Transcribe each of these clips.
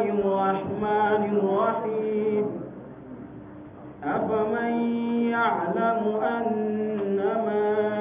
الرحمن الرحيم أفمن يعلم أنما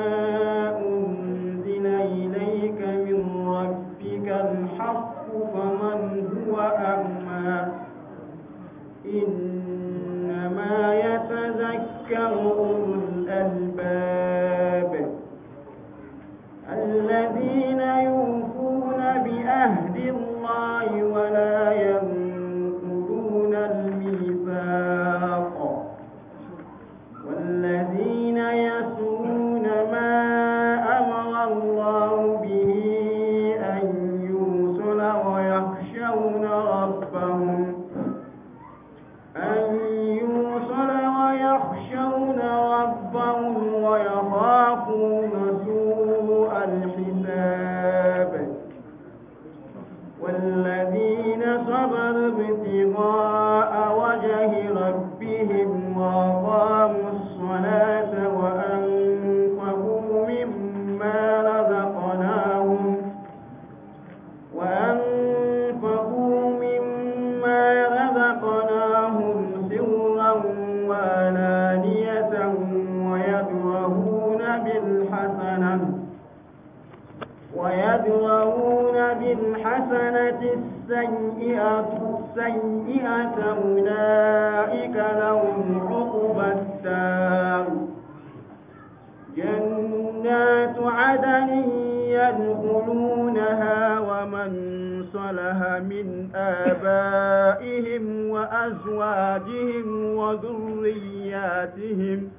أزواجهم وذرياتهم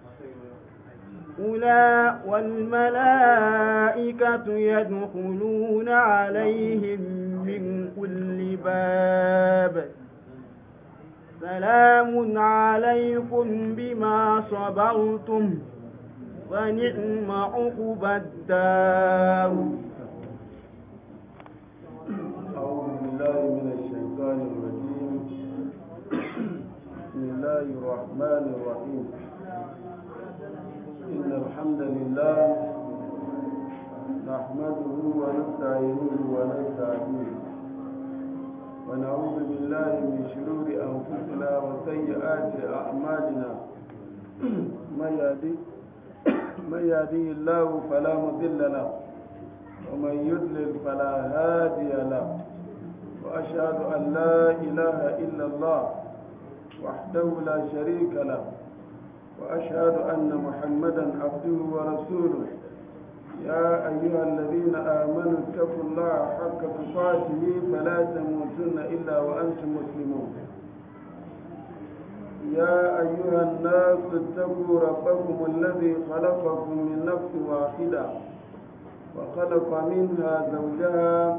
أولا والملائكة يدخلون عليهم من كل باب سلام عليكم بما صبرتم ونعم عقب الدار الله الرحمن الرحيم إن الحمد لله نحمده ونستعينه ونستعينه ونعوذ بالله من شرور أنفسنا وسيئات أعمالنا من يهدي من الله فلا مضل له ومن يضلل فلا هادي له وأشهد أن لا إله إلا الله وحده لا شريك له وأشهد أن محمدا عبده ورسوله يا أيها الذين آمنوا اتقوا الله حق تقاته فلا تموتن إلا وأنتم مسلمون يا أيها الناس اتقوا ربكم الذي خلقكم من نفس واحدة وخلق منها زوجها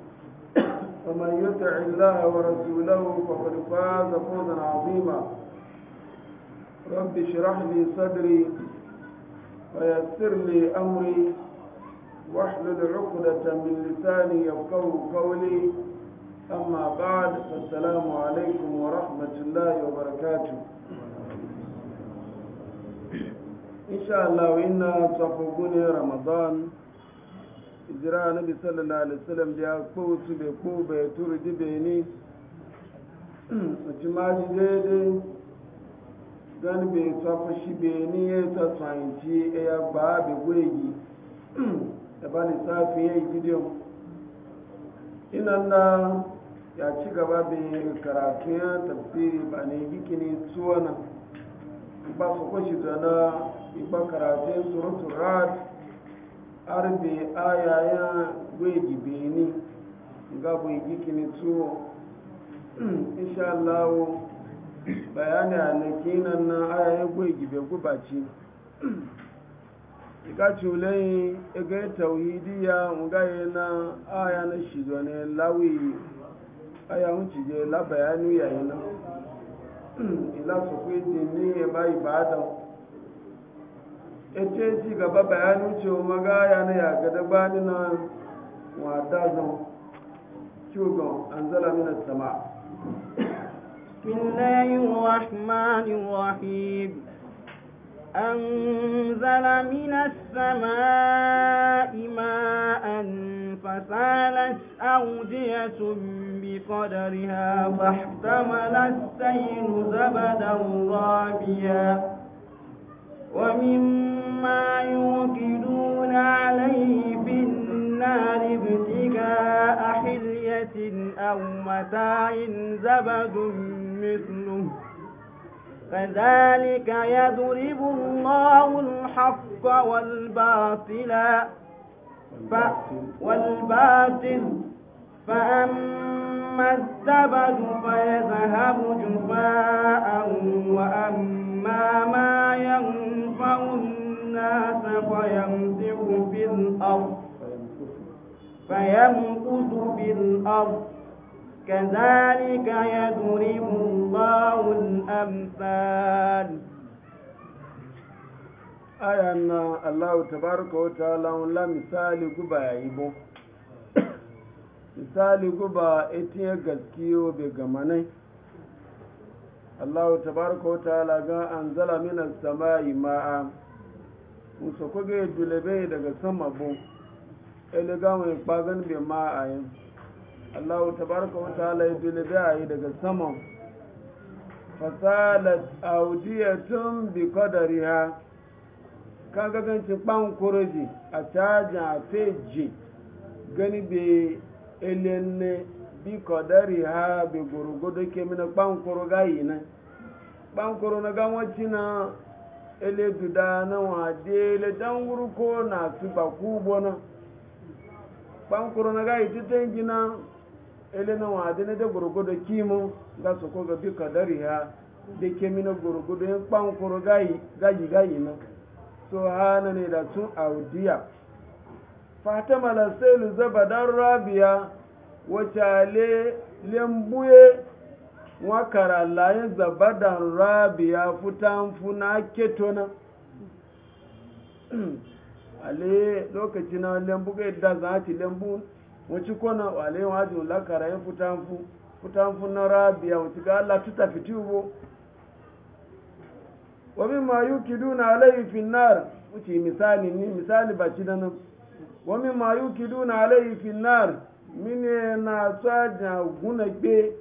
ومن يطع الله ورسوله فقد فاز فوزا عظيما رب اشرح لي صدري ويسر لي امري واحلل عقدة من لساني يفقه قولي اما بعد فالسلام عليكم ورحمة الله وبركاته ان شاء الله وانا تفوقني رمضان ìjírá níbi sọ́lọ̀lá àlẹ́sọ́lọ̀m jẹ́ pé ó túbẹ̀ kó bẹ̀ tó rí ní òtí máa jí déédé gánibẹ̀ tọ́fọ́síbẹ̀ ní ẹ̀tọ́ tàǹtí ẹ̀yà gbà bẹ̀gbọ́ èyí ẹ̀bá lè sáfihàn ìdídé ọ̀ iná ńlá ya ci gaba da karatun ya tafsiri ba ne gikini tuwa nan ba su kwashi rad arbe aya ya gwegi beni ga gwegi kini tuwo insha Allah bayani a na kinan na aya ya gwegi bai gubaci ika culayi ga ya ngaye na aya na shizo ne lawi aya wucije la bayani ya na ila su kwezi ni ya bayi ce ci gaba bayanu bayanin cewa magaya na ya gada bani na wada zan kyugon an zala mina sama bismillahir rahmanir rahim أنزل من السماء ماء فسالت أودية بقدرها فاحتمل السيل زبدا رابيا ومما يوقدون عليه في النار ابتغاء حلية أو متاع زبد مثله كذلك يضرب الله الحق والباطل ف... والباطل فأما الزبد فيذهب جفاء فيمكث في الأرض كذلك يضرب الله الأمثال aya na Allah tabaraka wa ta'ala wala misali guba yayi bo misali guba ita gaskiyo be gamanai Allah tabaraka wa ta'ala ga anzala minas samai ma'a musa kuge dulebe daga sama bo Ele ya fagan bai ma a yin allahu tabaraka wa ta'ala ya dole bai a yi daga saman fasalat audiyatun bi qadariha ka ga ganci kpan kuroji a cajin a feji gani bai elenne bi qadariha bi gurgudu ke mina kpan kuro gayi na kpan kuro na gawanci na ele duda na wa dele dan wurko na tuba kubo na bankuro ga gai tutun gina elena wa dina da gurgudu kimo ga su ko ga duka dari ha da ke mina gurgudu yin bankuro gayi gayi gayi na so hana ne da tun audiya fatima da sailu zaba dan rabia wacce le lembuye wakara layin zaba dan rabia futan funa ketona ale lokaci na lembu ga yadda za ci lembu wuci kona ale wajin lakara ya futanfu futanfu na rabia wuci ga Allah tuta fiti ubo wa mimma yukiduna alayhi fi nar wuci misali ni misali ba ci nan wa mimma yukiduna alayhi fi nar mine na tsaja guna gbe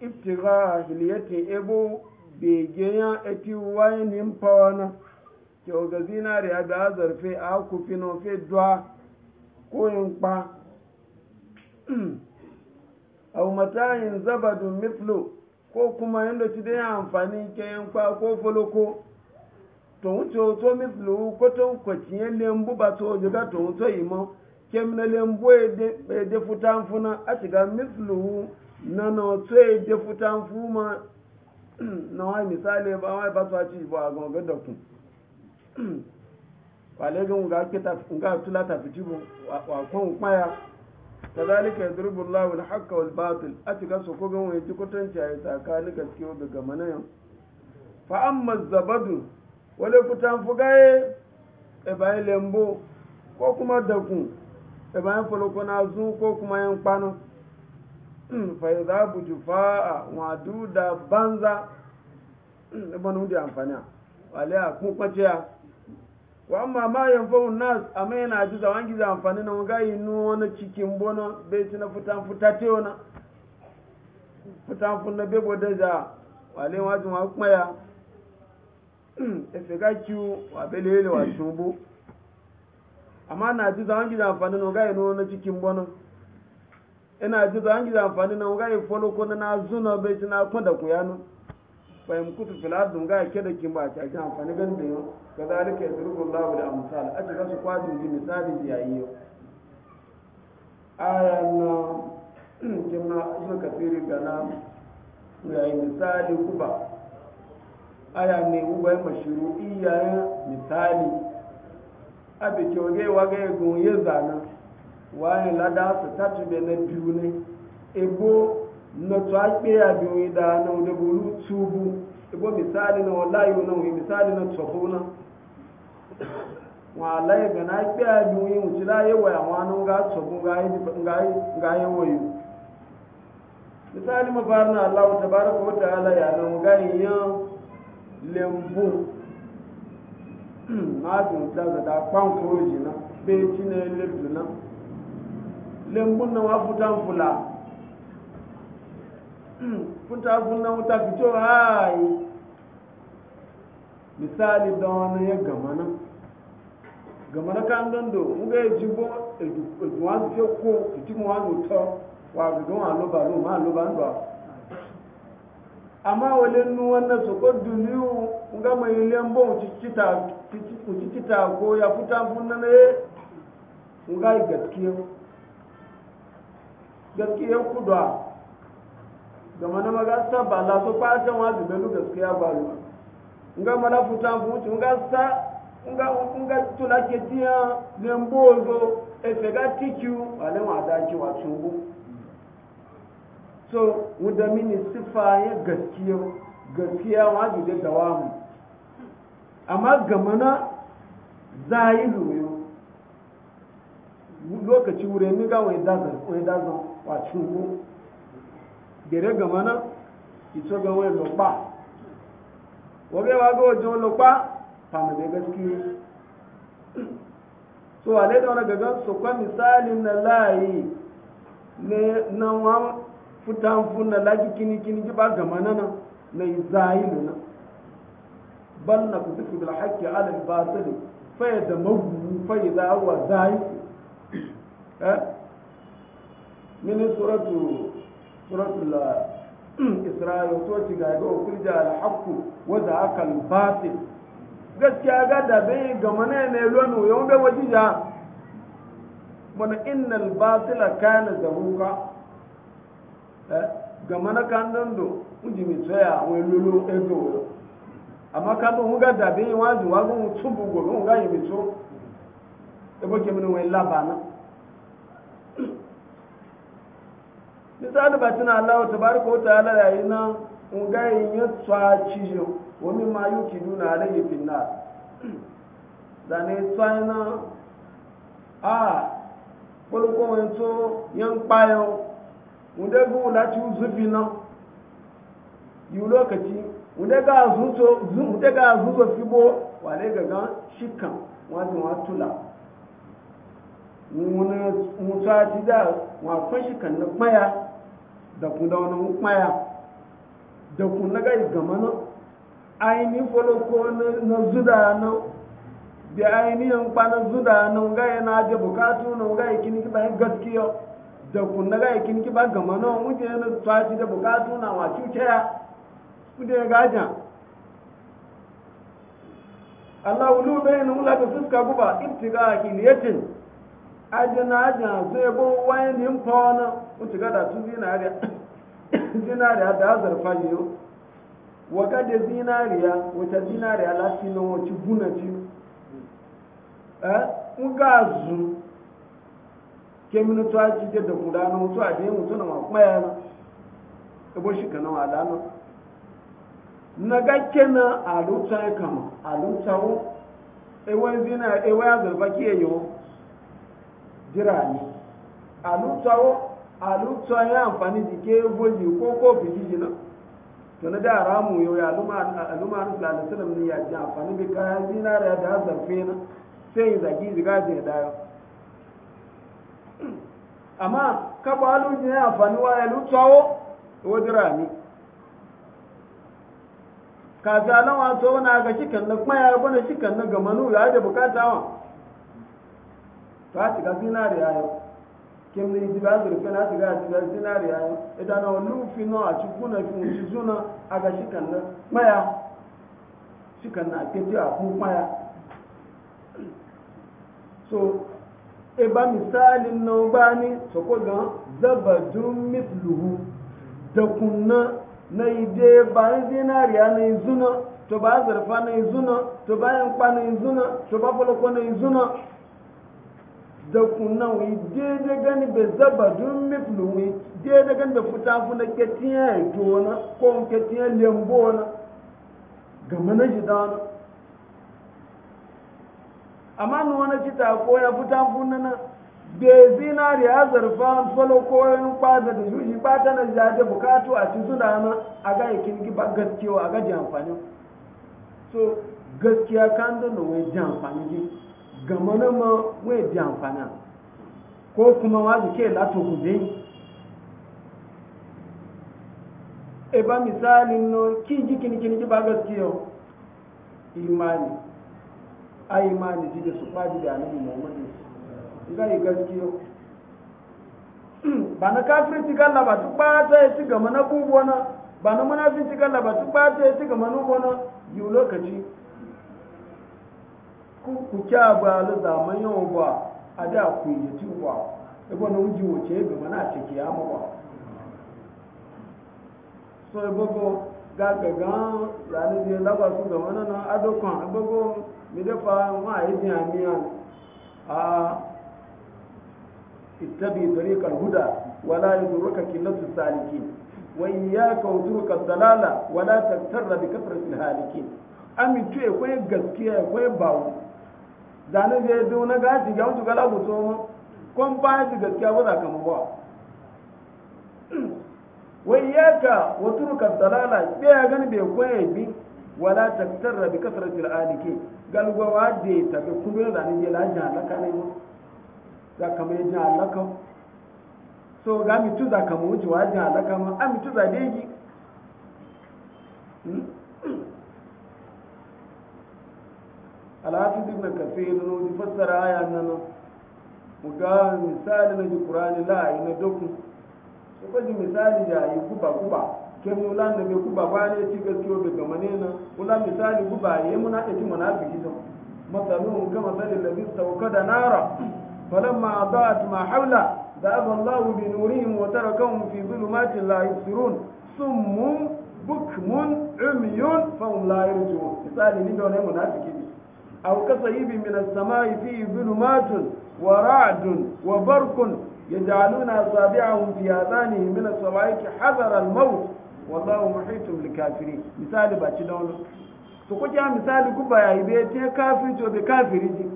ibtigha hiliyati ebo begeya eti wayin pawana kyau ga zinariya da zarfe a kufi na fe duwa ko yin kpa au zabadun mitlo ko kuma yadda ci dai amfani ke kpa ko foloko to wuce to mitlo ko to kwaciyen lembu ba to jiga to wuce yi mo kem na lembu ya e e de futan a shiga mitlo na na to ya e de futan fuma na wani misali ba wani ba to ci ba a gangan da kun walegan nga kita nga tula ta fiti bu wa kon kwaya kadhalika yadribu Allahu al-haqqa wal batil atiga so ko gan wani kutanci ayi tsakanin gaskiya da gamanayan fa amma zabadu wale kutan fugaye e bayan lembo ko kuma dakun e bayan falko na zu ko kuma yan kwano hmm, fa idza bujfa'a wa duda banza ibn hmm, hudi amfani wale a kun kwaciya wamma amma ma yanfa'u nas amma yana ji zawan giza amfani na ga yi nuwa cikin bono bai ci na futan futa te ona futan funna be boda za wale wa kuma ya efe ga wa belele wa shubu amma na ji zawan giza amfani na ga yi nuwa na cikin bona ina ji zawan giza amfani na ga yi folo na zuna bai ci na kwada kuyanu fahim kutu filar dunga ya ke da kin ba ta kin amfani gan da yau ka zalika ya turku Allah da amsal a ci za su kwajin ji misali ji yayi yau aya na kin na ibn kasiri ya yayi misali kuba aya ne uba ya mashuru iyayen misali abi ke wage wage gun ya zana wani lada su tatu be na biyu ne ebo nnotu akpe ya bi oyi da na odebolu tubu igbo misali na wallahi na oyi misali na tsoho na wallahi ga na akpe ya bi oyi wuce la yi wa yawa na nga tsoho nga yi wayo misali mabar na allahu tabaraka wa ta'ala ya na nga yan lembu ma dun ta da kpan kuro jina be ti na lebdu na lembu na wa futan fula futa kunna wuta fito hayi misali da wani ya gamana gamana kan dondo muga ya jibo eduwan fiye ko fiti mu wani to wa gudu wa loba lo ma loba ndo amma wale nu wannan su ko duniyu nga mai lembo ucicita ucicita ko ya futa kunna ne nga gaskiya gaskiya kudwa gama na maga sa ba la so kwa ta wa zube lu gaskiya ba lu nga mala futa bu tu nga sa nga nga tula ke tiya ne mbozo e se ga tikiu ale wa da ki wa chungu so da mini sifa ya gaskiya gaskiya wa zube dawamu amma gama na zahiru yo lokaci wure ni ga wai da wai dazan wa chungu gẹ̀rẹ́ gànmọ́ náà ìtọ́gbọ̀n wọn wọ́n bẹ́ẹ̀ wá gbọ́ jọ lọ pa kí so alẹ́ da wani gaggan su misali na layi na wọn futan funa lagi kini kini ji ba gama na na zayi na na zayi suratul isra'il to ci ga ga ukulja alhaqqu wa zaqa albatil gaskiya ga da bai ga mana ne lonu yau bai wajija wani innal batila kana zahuka ga mana kan dando uji mi tsaya wai lulu ego amma kan mu ga da bai waju wa gun tubu go gun ga yi mi so e bo ke mun wai labana misali ba tuna Allah wata wa ta'ala yayin nan in ga yin tsaci jo wa min ma yukiduna alayhi fi nar zane na a kuluko wento yan payo unde gu la ci zufi na yu lokaci unde ga zuzo unde ga zuzo fibo wale ga ga shikan wato watula mun mun tsaci da wa fashi kan na maya da da wani kwaya da ku na gai gama na ainihin farko na zuda na da ainihin kwanan zuda na gai na aje bukatu na gai kini kiba gaskiya da ku na gai kini kiba gama na wuce na tsaci da bukatu na wa kaya kuda ya gaja Allah wulu bayan wula da fuska guba ibtiga hiliyatin ajina ajina zai bo wayan yin fawana wuce gada tun zinariya da azarfa yiwu waga da zinariya wata zinariya lati na wace guna ci eh nga zu ke minutu a ci da kudanu mutu a biyan mutu na makuma yana ebo shi kana wa dano na ga kena aluta ya kama aluta wo ewe zina ewe azarfa ki eyo jirani aluta wo alutsa ya amfani da ke goji ko kofi jiji nan to na da ramu yau ya aluma anu sallallahu alaihi ne ya ji amfani da kayan zinariya da zarfe na sai zagi ziga da ya dayo amma ka ba alu ne amfani wa ya lutsawo wadira ni kafin alama to wani aga cikin na kuma ya gwada cikin na gamanu ya da bukata wa ta shiga zinariya yau kemgbe idibanzuri fena ati gaa tiga sinari ayo idana olufi na achukuna fi nsusu na aga shikan na kpaya shikan na keji akun kpaya so eba misali na gbani soko gan zabadun mitluhu dakunna na ide ba zinari na izuna to ba zarfa na izuna to ba yankpa na izuna to ba foloko na izuna da kunan wi daidai gani be zaba dun miflu wi daidai gani be futa funa ketiya ya tona ko ketiya lembona na ga mana shi da amma ni wani ci ta ko ya futa funa na bai zinari ya zarfa solo ko yin kwaza da yuji ba ta na jaje bukatu a ci suna na a ga yakin ba gaskiya a ga jamfani so gaskiya kan da wai jamfani ji ga manama wai bi amfana ko kuma wazi ke lato ku bi e ba misalin no ki ji kini kini ji ba gaskiyo imani a imani ji da su kwaji da annabi muhammadu ga yi gaskiyo ba na kafirin ti galla ba duk ba ta yi ci gama na bubuwa na ba na munafin ti galla ba duk ba ta yi ci gama na bubuwa na yiwu lokaci Ku kya ba la zaman yau ba a da ku yi ci ba ibo na uji wace ga mana ce ki ama ba so ibo go ga ga ga je laba su ga mana na adokan ibo go mi da fa ma yi ji amiya a ittabi tariqal huda wala yudruka kinatu salikin wa iyyaka wa turka dalala wala taktarra bi kafratil halikin amintu akwai e gaskiya akwai e bawo zane ga yadda na gashi ga wuce gala ku tsohon kwan bayan su gaskiya ba za ka mu ba wai ya ka wasu rukar dalala bai ya gani bai kwaye bi wala taktar rabi kasar jir'adike galgwawa da ya tafi kuma yana zane ya lajin halaka ne ma za ka mai jin halaka so ga mitu za ka mu wuce wa jin halaka ma a mitu za daigi hmm? alhafiz ibn kasir no di fassara aya nan mu ga misali na di qur'ani la na doku so ko di misali da yi kuba kuba ke mu lan ne kuba ba ne ci gaskiyo da gamane na kula misali kuba ye mu na ci munafiki to matalun kama sali ladhi tawkada nara falamma adat ma hawla dhaaba allah bi nurihim wa tarakahum fi dhulumatin la yusirun summun bukmun umyun fa hum la yarjun misali ni do ne munafiki أو كصيب من السماء فيه ظلمات ورعد وبرق يجعلون أصابعهم في آذانهم من الصواعق حذر الموت والله محيط بالكافرين مثال باتي دولو تقول مثال قبا يا بيتي كافر جو بكافر جي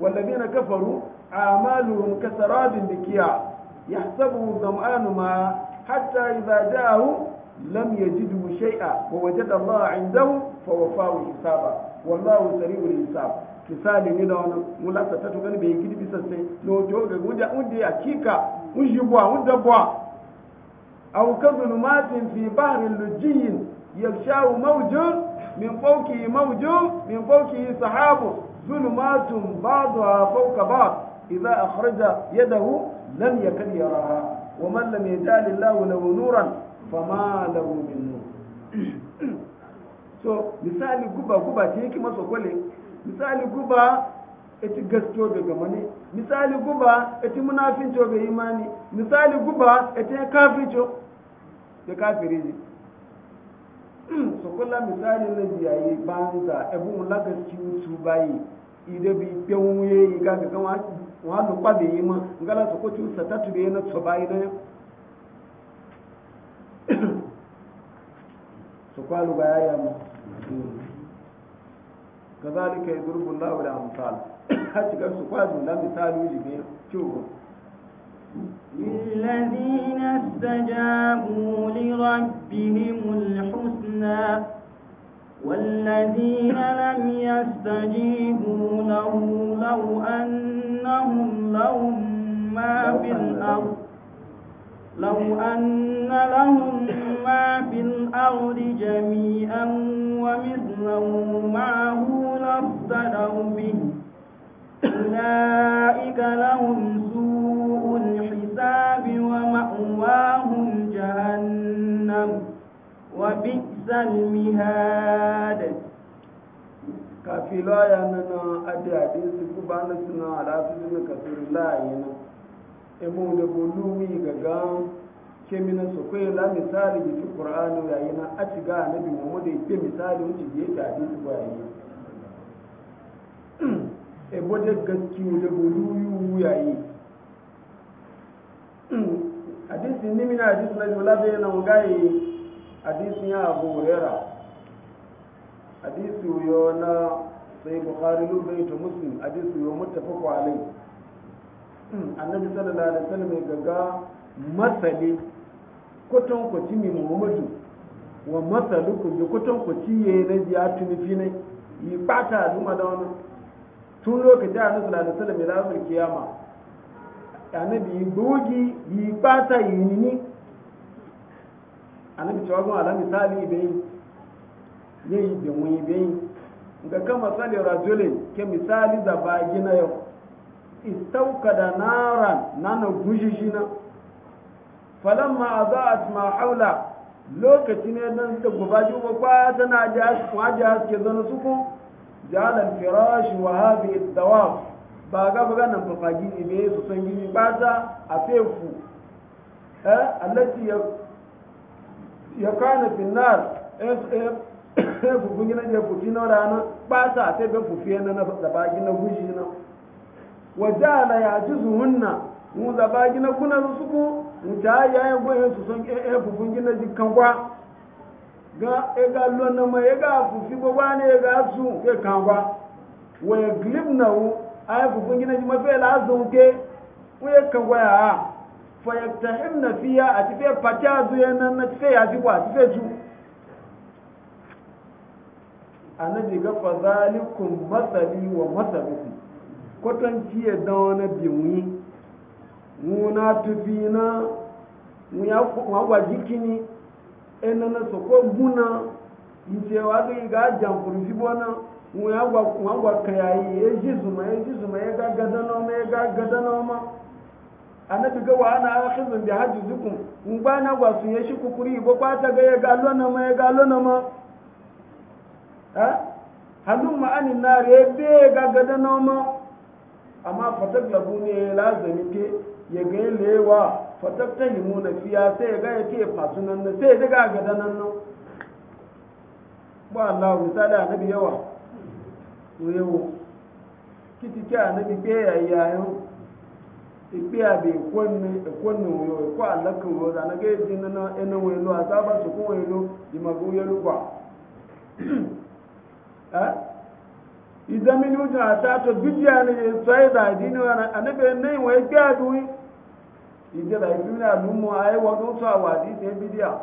والذين كفروا أعمالهم كسراب بكيا يحسبه الظمآن ما حتى إذا جاءه لم يجده شيئا ووجد الله عنده فوفاه حسابا wallahu sari'ul hisab misali ni da wani mulasa ta to gani bai gidi bisa sai no to ga guda unde hakika un jibwa un dabwa aw kadhulumatin fi bahrin lujiyyin yakshaw mawjun min fawqihi mawjun min fawqihi sahabu zulumatun ba'daha fawqa ba'd idza akhraja yadahu lam yakad yaraha ومن لم يجعل الله له نورا فما له من نور so misali guba guba ce yake masa kwale misali guba eti gasto be gamane misali guba eti munafinco be imani misali guba eti kafico be kafiri ne mm so kula misali na biyayi banza ebu mulaka ciwutu bayi ide bi pewuye yi ga ga wa wa lu kwa be yima ngala so ko ciwuta tatu be na so bayi na so kwalu ya mu كذلك يضرب الله al حتى haji ga لا مثال يجي misali ji للذين استجابوا لربهم الحسنى والذين لم يستجيبوا له لو أنهم لهم ما في الأرض لو أن لهم ما في الأرض جميعا ومثله معه لافتدوا به أولئك لهم سوء الحساب ومأواهم جهنم وبئس المهاد كفي لا يننا أدي أدي سكبان سنا على فيزن كثير لا يننا emu da bulumi ga gan kemina su kai la misali bi qur'anu yayi na a ci ga annabi da ke misali wuce je ta bi su ba yi e bode gaskiyo da buluyu yayi hadisi ni mina hadisi na jola be na ngai hadisi ya abu hurairah hadisi yo na sai bukhari lu bai to muslim hadisi yo muttafaq alayhi annabi sallallahu alaihi wasallam ya gaga masali kuton kwaci mai muhammadu wa masalu ku ji kuton kwaci ya yi na jiya tuni finai yi bata al'umma da wani tun lokacin annabi sallallahu alaihi wasallam ya lafi kiyama annabi yi gogi yi bata yi ni annabi cewa gun ala misali bai yayi da mun yi bai ga kama sali rajulin ke misali da bagina yau istauka da naran nana gushi na falamma aza'at ma haula lokaci ne dan ta gubaji ba kwa tana ji haske haske zana suku jalan firashi wa habi ba ga ba nan fafagi ne me su san gini a eh, eh, eh, gungina je fufi na sa a fefu fufi na da bagi na gushi na wajala ya ji zuhunna mu zaba gina kuna su suku mu ta ya yi goye su son ƙe'e fufun gina jikan kwa ga ega lona ma ega fufi gbogbo ne ega su ke kan kwa wa ya glib na wu a ya fufun gina ji mafi la zun ke mu ya kan kwa ya ha fa ya ta him na fiya a ti fe pati a zuye na na ti fe ya fi kwa ti fe ju annabi ga fa zalikum masali wa masalukum kwatanci ya dawo na biyu muna tufi na mwagwa jikini ena na soko guna ncewa ga ga jamfuru fibona mwagwa mwagwa kayayi ya e jizuma ya e jizuma ya e ga gadanoma ya ga gadanoma annabi ga wa ana akhizun bi hajji zukum in ba na gwa sun yashi kukuri ba kwata ga ya ga lona ma ya ga na ma ha halumma anin nare be ga gadanoma amma fataglabu ne ya lazami ke ya ga yin lewa fatakta himu na fiya sai ga ya ke fasu nan na sai daga gada nan nan ba Allah misali annabi yawa to yawo kiti ke annabi ya yayayin ipe abe ekwanne ekwanne wuyo ekwa alakan wuyo da anaga eji nana ene wuyo azaba sokun wuyo imago wuyo lukwa eh idan min wujin to bidiya ne ya tsaye da adini wani ne wa ya duwi da na lumu a yi a wadi ta bidiya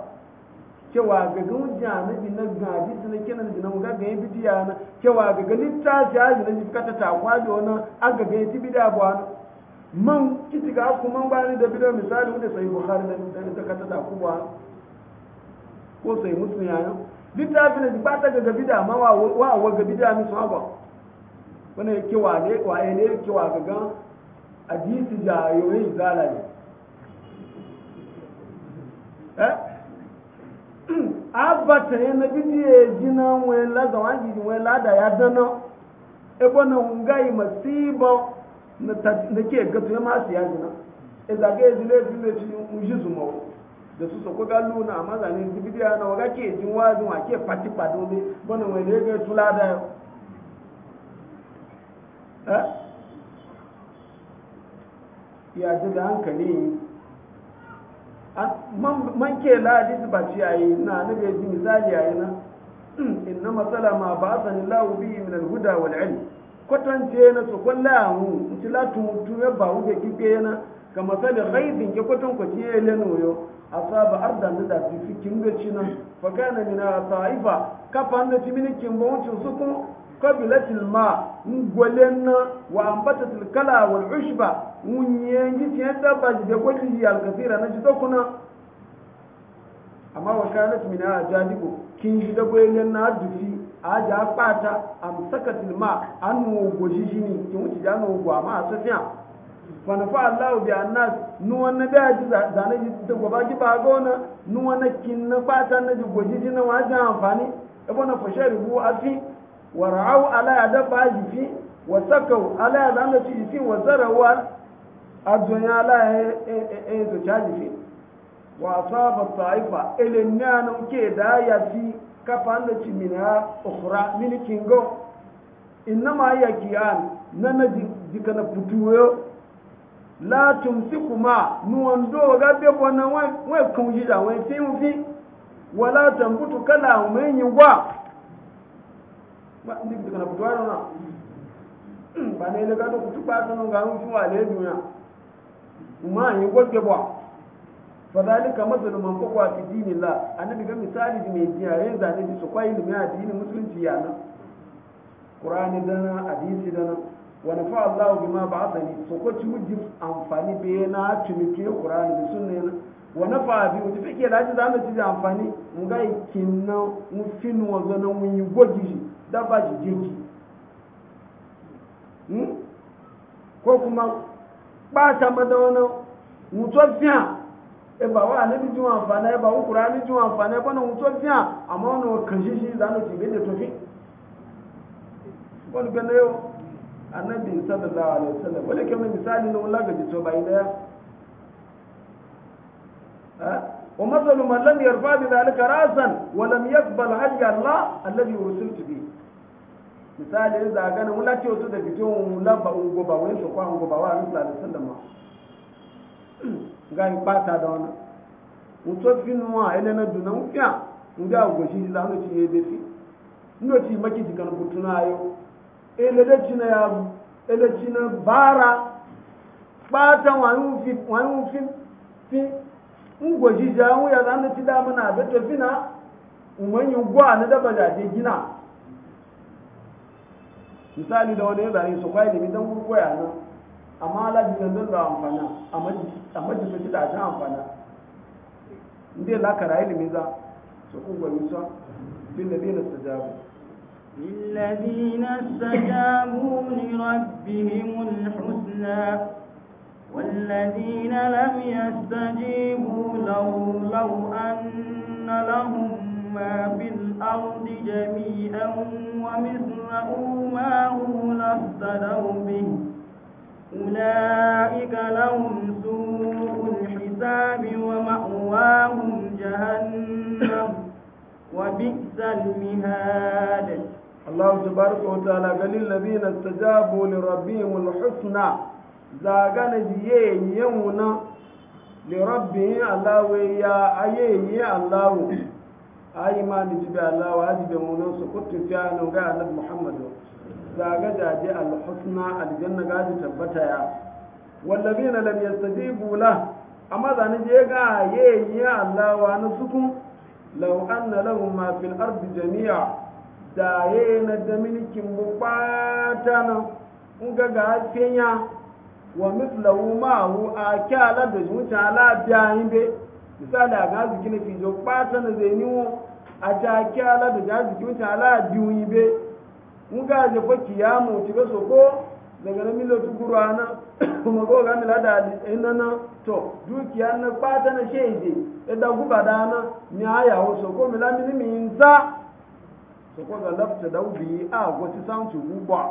cewa ga na gaji su na kinan jina mu gaga bidiya na cewa ga ga ta takwa na wani agaga ya ti bidiya ba wani man kiti ga aku man da misali wanda sai bukhari da ta ku ba ko sai ya na wani kiwa ne kwaye ne kiwa gagan a jisi jayoyin zala ne eh abata ne na bidi ya ji na wani laza wani wani lada ya dana ebo na ngai masibo na ke gato ya masu ya jina iza e ga ezi le ezi le ci uji zuma da su soko ga luna amma zane bidi ya na waga ke jin wazin wa ke pati padobe wani wani ya ga tula da yau Eh? ya ji da hankali man ke ladis ba ci yayi na na bai ji misali yayi na hmm, inna matsala ma ba a sani min alhuda wal ilm kwatance na su kwalla mu in ci ba wuke kike na ka masali ghaibin ke kwatan kwaci ya ile noyo asaba arda da da fi kin gaci na. fa kana min ta'ifa kafa da ci minikin ba wucin su kuma قبلت الماء ngwalenna wa ambatat alkala wal ushba munyengi tienda baji da kwaji ya alkafira na jito kuna amma wa kanat min ajadibu kin ji da gwayen na dufi aja pata amsakat alma an goji shini kin wuce da no gwa ma tafiya fa nafa Allah bi annas nu wannan da ji na ba gona kin na na ji na amfani wa ra'au dafa dabba jifi wa sakau ala zanga ci jifi wa zarawa adunya ala e to e, e, e, cha jifi wa asaba ta'ifa ilinna ke da ya fi kafa na ci mina ukhra min kingo innama ya kiyan nana jikana putuwe la tumsikuma nuwando ga be bona we we kunjida we fi fi wala tambutu kala umenyi wa ba ndi kutu kana kutwala na bana ile kato kutupa tono nga mfu wale dunya umanyi gogge bwa fadhalika mathalu man qawwa fi dinillah annabi ga misali di mai tiyare zane di su kwai ilmi addini musulunci yana qur'ani dana hadisi dana wa nafa Allah bima ba'athani so ko ci mujib amfani be na tumike qur'ani da sunna na wa nafa bi mu fike laji zamu ci amfani mu ga kinna mu finu wa zana mun yi gogi dabba jikinki ko kuma ɓata mada wani mutuwar fiya e ba wa ne jin amfani e ba wa kurani jin amfani ba na mutuwar fiya amma wani kanshi shi za mu jibe da tofi wani gane yau annabi sallallahu alaihi wasallam wani kamar misali na wula ga jito bai daya ومثل من لم يرفع بذلك رأسا ولم يقبل هدي الله الذي ارسلت به misali yanzu a ganin wula ce wasu da fito lamba ungoba wani su kwan ungoba wa alifla da ma ga yi bata da wani mutu finuwa a ilana duna mufiya nga goshi za mu ci yi fi ndo ci maki ci kan butuna yo ele ci na ya ele ci na bara bata wani fi wani misali da wani yanzu su bai nemi don gurgoya nan amma alaji zan zan zawa amfana a majalisar su da ta amfana inda lakara ilimi za su kuma nisa bin da dina su jabu استجابوا لربهم الحسنى والذين لم يستجيبوا له لو أن لهم ما في الأرض جميعا ومثله هو لافتدوا به أولئك لهم سوء الحساب ومأواهم جهنم وبئس المهاد الله تبارك وتعالى قال الذين استجابوا لربهم الحسنى زاغان جيه يومنا لربهم الله ويا أيه الله ayi ma ni jibe Allah wa bi munan su kutu fiya ga annabi Muhammadu zaga jaje al-husna aljanna ga ji tabbata ya wallazina lam yastajibu la amma ni je ga ye ya Allah wa suku law anna lahum ma fil ardi jami'a da ye na da kin bukata nan in ga ga fenya wa mithlahu ma hu akala da zuta la biya yin be misali a gazu gina fijo kpata na zai niwo a take ala da jazu ki wuce ala biyu yi be mu ga je fa kiyamu ci ga so ko daga na milo tu qur'ana kuma ko ga mila da inana eh, to dukiya na kpata na sheje e da guba da ana ni aya ho so ko mila mini mi nza so ko ga lafta daubi a go ti san su guba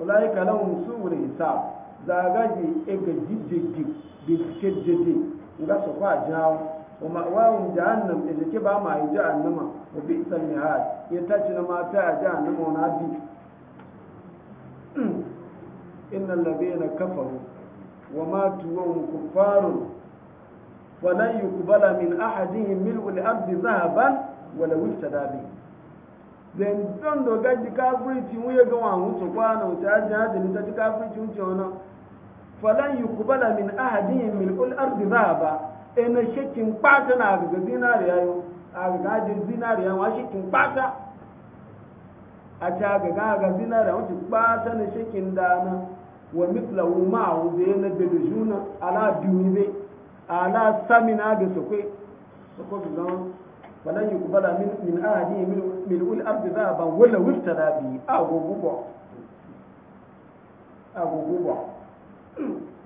ulaika lahum su'ul hisab zagaji ega jijjigi bi kejjeje nga so kwa jawo wa ma'wahum jahannam e ke ba ma yi jahannama wa bi isal mihad ya tace na mata a jahannama wa nabi innal ladina kafaru wa matu wa hum kuffarun فلن يقبل من أحدهم ملء الأرض ذهبا ولو افتدى به then don do gaji kafirci mu ya ga wa mutu kwana wuta ajin hajji ta ji kafirci wuce wani falan yi kubala min ahadin milkul arzi za ba e na shekin kpata na agaga zinariya yau agaga ajin zinariya wa shekin kpata a ci agaga aga zinariya wancin kpata na shekin dana wa mitla wuma a wuze na bedo juna ala biyu ala na da sokwe sokwe bi zama falan yi kubala min ahadin milkul arzi za ba wala wifta da biyu agogo ba agogo ba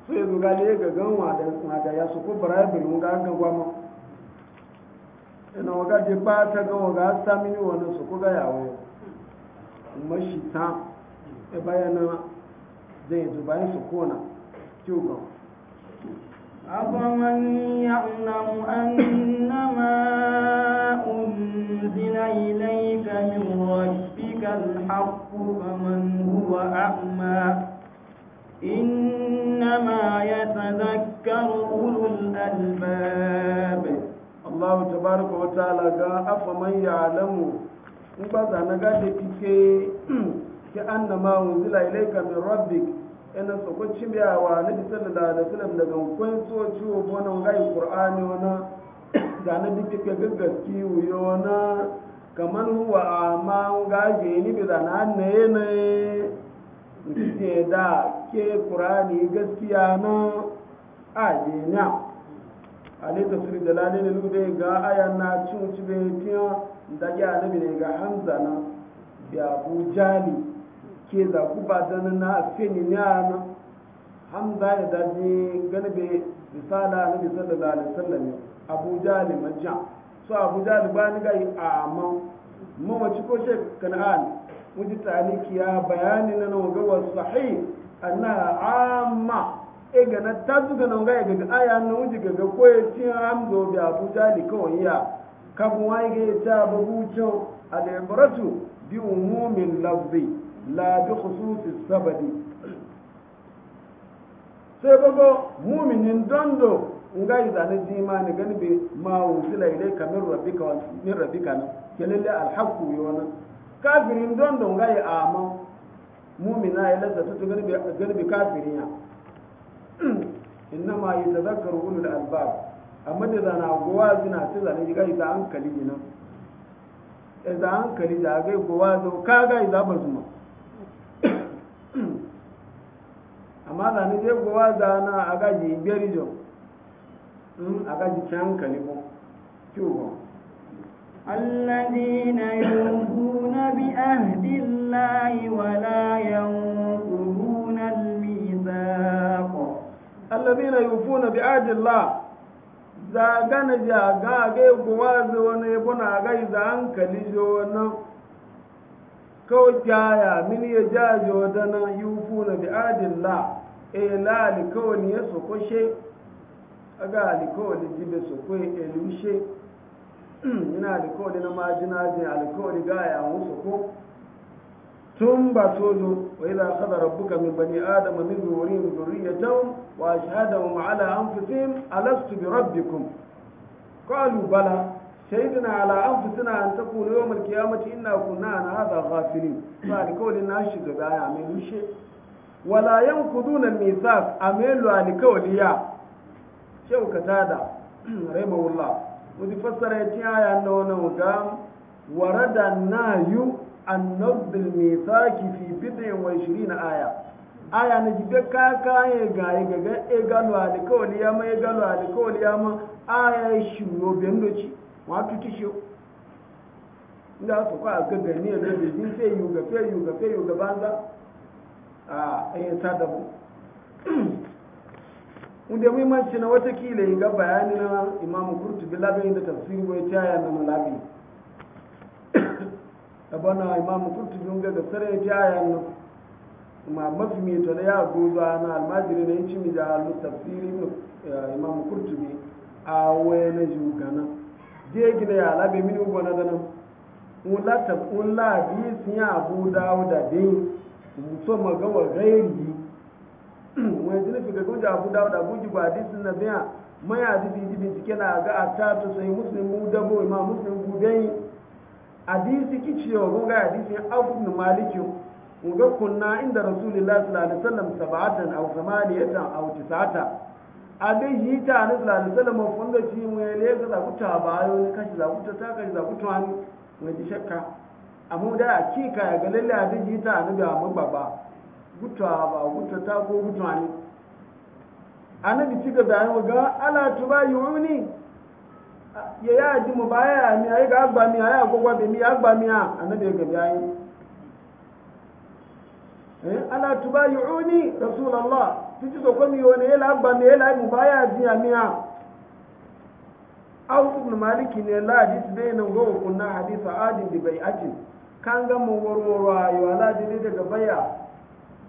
sai zo ga ne ga gan wada ya su na bara bil mun ga gan gwama ina waga je ba ta ga waga ta mini su ko ga yawo mashi ta e bayana zai zo bayan su kona kiwo أفمن يعلم أنما أنزل إليك من ربك الحق فمن هو أعمى إنما يتذكر أولو الألباب الله تبارك وتعالى قال أفمن يعلم مبدا نغاد بك كأنما أنزل إليك من ربك ina su kwanci biya wa nabi sallallahu alaihi wasallam daga kwan so ciwo bonan gai qur'ani wana da na dike ke gaggaski wuyo wana kamar huwa amma ga ni na ke ƙurani gaskiya na ajiyanya a ne ta suri da lalai da lube ga ayan na cin cibe bai tiya da ya nabi ne ga hamza na ya bu jali ke za ku ba da na fini ne na hamza ya daji gani bai misala na bi sallallahu alaihi wasallam abu jali majja so abu jali ba ni gai amma mawaci ko shek kana'an ji taliki ya bayani na na ga wasu sahih annaha a e gana ta zuga nan gaya gaga aya na wuce gaga kwa cin hamzo bi abuja ne kawai ya kafin wani ya ta babucin alaibaratu bi umumin zane jima ne gani ma wusila kamar rabbika min na kelele alhaqu yona kafirin dondo mumina ya lazza tutu garbi kafirin inna ma yi tazakkaru ulul albab amma da zana gowa zina ce zane ji gai za hankali ne nan za hankali da gai gowa zo ka gai za bar zuma amma zane je gowa zana a gaji biyar jo a gaji can hankali ko ciwo الذين يوفون بأهد الله ولا ينقضون الميثاق الذين يوفون بأهد الله zagana jaga ga kuwa wani buna gai za hankali jo wannan kawai kyaya min ya jajo da na yufu na bi adilla e la alikawali ya sokoshe aga alikawali elushe Hmm, ina alkawari na majina je alkawari gaya musu ko tun ba tozo wa idza kada rabbuka min bani adama min dhurihim dhurriyyatahum wa shahada wa ma'ala an anfusihim alastu bi rabbikum kalu bala shaidina ala fitina an taqulu yawm mace ina kuna na hadha ghafilin ba alkawari na shi da gaya mai rushe wala yankuduna al-mithaq amelu alkawliya shaukatada rahimahullah wadda fassara ya ci aya na wani ga warada na yi annabdul mithaki fi bidin wa na aya aya na jibe kaka ya ga ya gaga e galo alikawali ya ma e galo alikawali ya ma aya ya shiro bendoci wato tisho inda su kwa ga gani ya rabe jin sai yi ga fe yi ga fe yi ga banza a ayin sadabu inda muhimmanci na watakila yi ga bayani na imamu kurtubi labin da tafsiri bai taya na malabi da bana imamu kurtubi ga ga ya taya na kuma mafi mai tana ya goza na almajiri na yanci mai da alu tafsiri imamu kurtubi a waya na gana je gina ya labe mini ugo na ganin wula tafi wula biyu sun yi abu dawo da bin musamman gawa gairi wani jini fi gagun da abu dawo da guji ba hadisin na biya mai hadisi ji bincike na ga a tatu sai muslim mu dabo ma muslim gudai hadisi kici yau gunga hadisin abu na maliki ga kunna inda rasulullah sallallahu alaihi wasallam sab'atan aw samaniyatan aw tis'ata abin yi ta ne sallallahu alaihi wasallam mun ga ci mu ne ga za ku ta bayo ne kashi za ku ta ta kashi za ku ta -Wani mu shakka amma da ya ga lalle abin yi ta ne ga mu baba gutuwa ba gutuwa ta ko gutuwa ne annabi ci gaba ya ga ala tuba yuni ya ya ji mu baya mi ayi ga agba mi yi agogwa be mi agba mi a annabi ga bi ayi eh ala tuba yuni rasulallah ti ci ko mi yi la agba mi la mu baya ji mi a aw ibn malik ne la hadith be nan go kunna hadith adin bi bai'atin kan ga mu warwarwa yo ala dide daga baya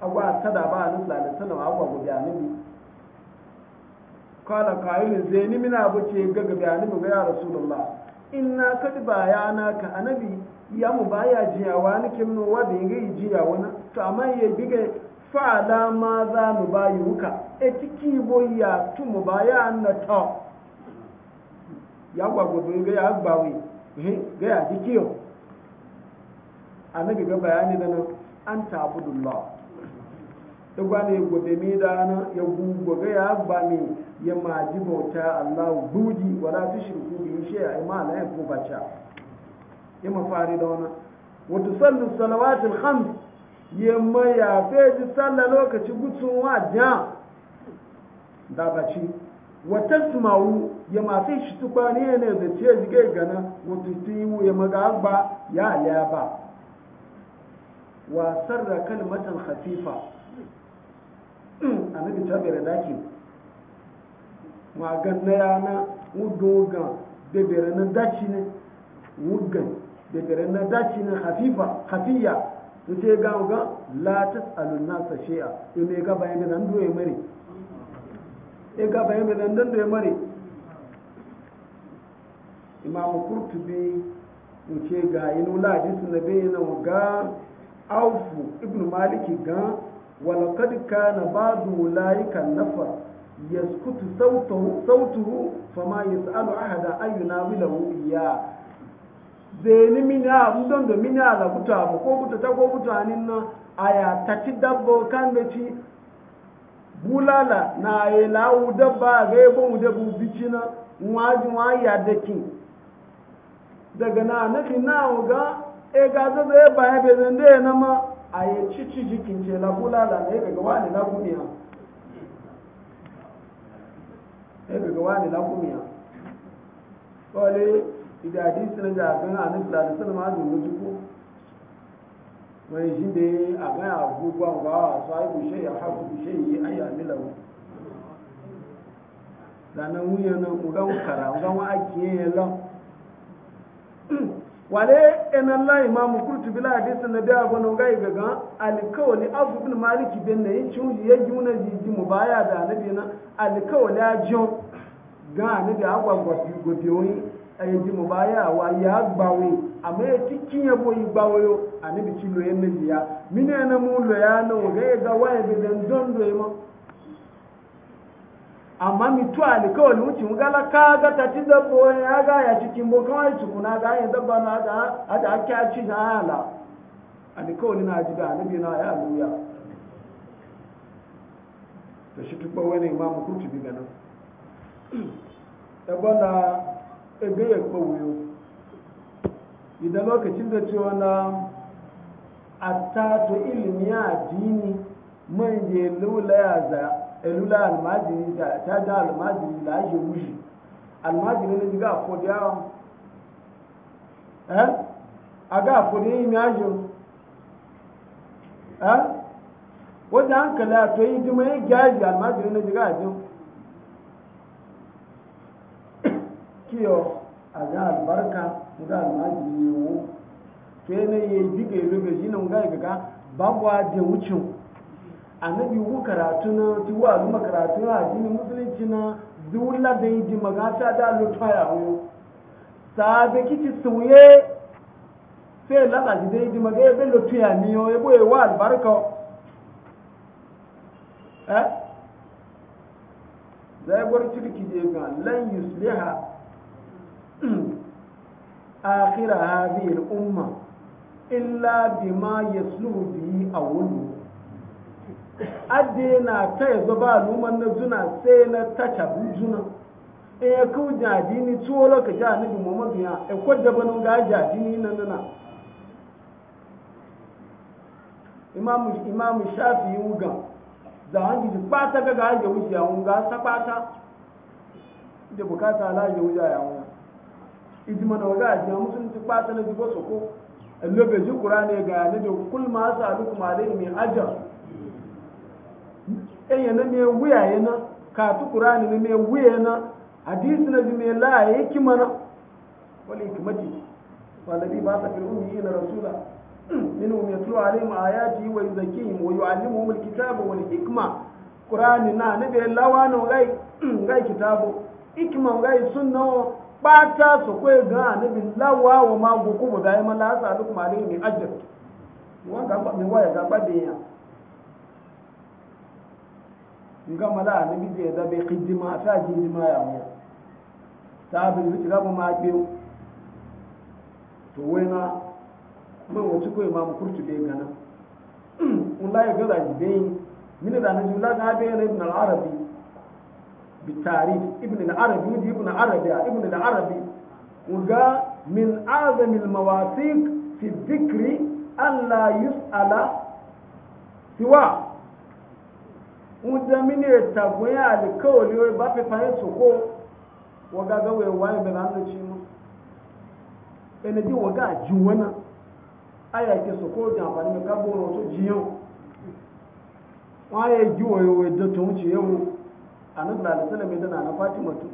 awa kada ba a nufla da sanar awa guda nabi kala ne zai ni mina ce ga a nabi ga ya in inna kadi na ka anabi ya mu jiya wa ni kimno wa da yi jiya wani to amma ya biga da ma za mu bayi wuka e tiki boya tu mu ya na ta ya gwagwado ga ya gbawe ga ya dikiyo annabi ga bayani da nan an tabudullah ɗagwa ne gobe me da na ya ga ya ba ne ya maji bauta Allah buji wala ta bi shi ya ima bacha ya fari da wani wata sallu salawatul khams ya maya feji salla lokaci gutsun wa da da baci wata sumawu ya mafi shi tukwane ne da ce ga gana wa tutiwu ya maga ba ya ya ba wa sarra kalmatan khafifa annabi ta bere daki magan na yana wudoga da bere na daci ne wugan da bere na daci ne hafifa hafiya wuce ga ga la tasalun nasa shi'a ime gaba yin da ndoye mare e ga bayan da ya doye mare bi kurtubi wuce ga yi wula hadisin da bayyana ga aufu ibn maliki ga ولقد كان بعض أولئك النفر يسكت صوته صوته فما يسأل أحد أن يناوله إياه zeni mina mdondo mina za kutabo ko kutata ko kutanin nan aya ci dabbo kan da ci bulala na ye lawu dabba ga yebo mu dabu bicina waji wa ya daki daga na nafi na ga e ga za ba ya be zende na ma a yi cici jikin ce labulala ne ga wani lagumiya ne eh, ga wani lagumiya wale idadi suna da gan anis da suna ma da wuce ko mai shi ne a gan abubuwan ba a sai bushe ya haku bushe yi a yi anilawo da nan wuyan nan ugan kara ugan wa ake yi lau. wale ina la imam kurtubi la hadisi na bi gwanon gai gaga alkawali abu bin maliki bin na yin cinji ya gina jiji mu baya da anabi na alkawali a jiyon ga anabi agwa gobe wani a yaji mu baya wa ya gbawe amma ya cikin ya boyi anabi mine na mu lo ya na wa ga ya bi dan don do amma mitu alikawali wuce gala ka ga ta ci dabbo ne ya ga ya cikin bo kawai ci kuna ga ya dabba na ga ada ake a ci na ala alikawali na ji ga annabi na ya aluya to shi tukpa wani imamu kutu bi ganin ya gwada ebe ya kpawuyo idan lokacin da cewa na a tato ilimi a mai man je lula ya za elula almajiri da caja almajiri da ake wuji almajiri ne ga afodi ahụ eh a ga afodi yi mi ajo eh wajen an a to yi dima yi gyaji almajiri ne ga ajo kiyo a albarka ga almajiri yi wo to yi ne yi diga ilobe ga igaga babu a je wucin annabi ku karatu na ti wa aluma karatu na addinin musulunci na zuwulla da yi ji ta da lutwa ya wuyo sabe kiti suye sai lada ji da yi ji magaya bin lutwa ya miyo ya boye wa albarka eh zai gwar cirki je ga lan yusliha akhira hadhihi al umma illa bima yasluhu bihi awwalu ade na ta ya zaba al'umman na juna sai na ta tabu juna in ya kawo jadini tuwo lokaci a nabi muhammadu ya ya e kwadda banu ga jadini na nuna shafi iwu ga. da hangi ji kpata ga ga ya wuce ya wunga ta kpata da bukata ala ya wuce ya wunga ijima na waga ajiya musulunci kpata na jibo soko e lobe ji kura ne ga ya ne da kulma sa alukum alai mai ajar enya na me wuya yana ka tu qur'ani na me wuya yana hadisi na me la yake mana wal hikmati wallazi ba ta fil na rasula minhum yatlu alaihim ayati wa yuzakkihim wa yuallimuhum alkitaba wal hikma qur'ani na ne be lawa no gai gai kitabu hikma gai sunna ta su kwe ga annabi lawa wa ma gukubu da yi mala sa duk malin mi ajr wa ga mi waya ga badin ya nga mala ni bi jeda be khidima sa ji ni ya mu ta bi bi tira ma ke to wena mo wo tiko koyi ma mu kurtu be gana un la ga da ji be ni ni da na jula ga be ne na arabi bi tarif ibn al arabi ni ibn al arabi ibn al arabi wa min azam al mawathiq fi dhikri an la yus'ala siwa' muda mini tagun ya alkawali wai ba fifa ya tsoko waga ga wai waye da nan ci mu a ji waga ji wana aya ke soko da amfani ga boro to ji wayo wai da to yau annabi sallallahu alaihi wasallam na Fatima to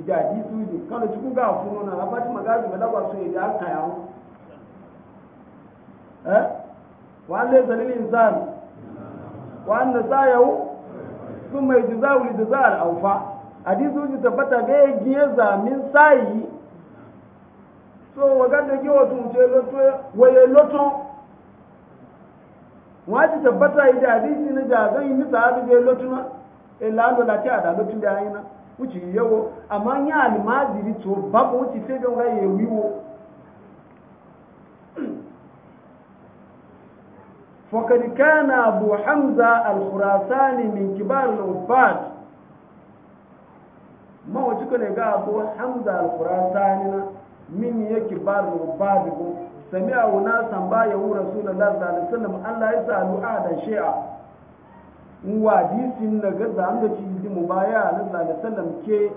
ida ji su ji kana cikin ga na Fatima ga ji malaka so aka yawo eh wa lai wa anna sayahu thumma yujzahu lijza al awfa hadisi uji tabbata ga ya giye za min sayi so waga da giwa tun ce loto waye loto wa ji tabbata ida hadisi na jagan ni sahabi ga loto na ila lo lati ada loto da ayina uci yawo amma ya alimajiri to babu wuce sai ga waye wiwo فقد كان أبو حمزة الخراسان من كبار الوفاد ما هو وجهك لقى أبو حمزة الخراسان من كبار الوفاد سمعه ناسا بايه رسول الله صلى الله عليه وسلم أن لا يسألوا أحدا شيئا wadisin na gaza an مبايا صلى الله عليه وسلم كي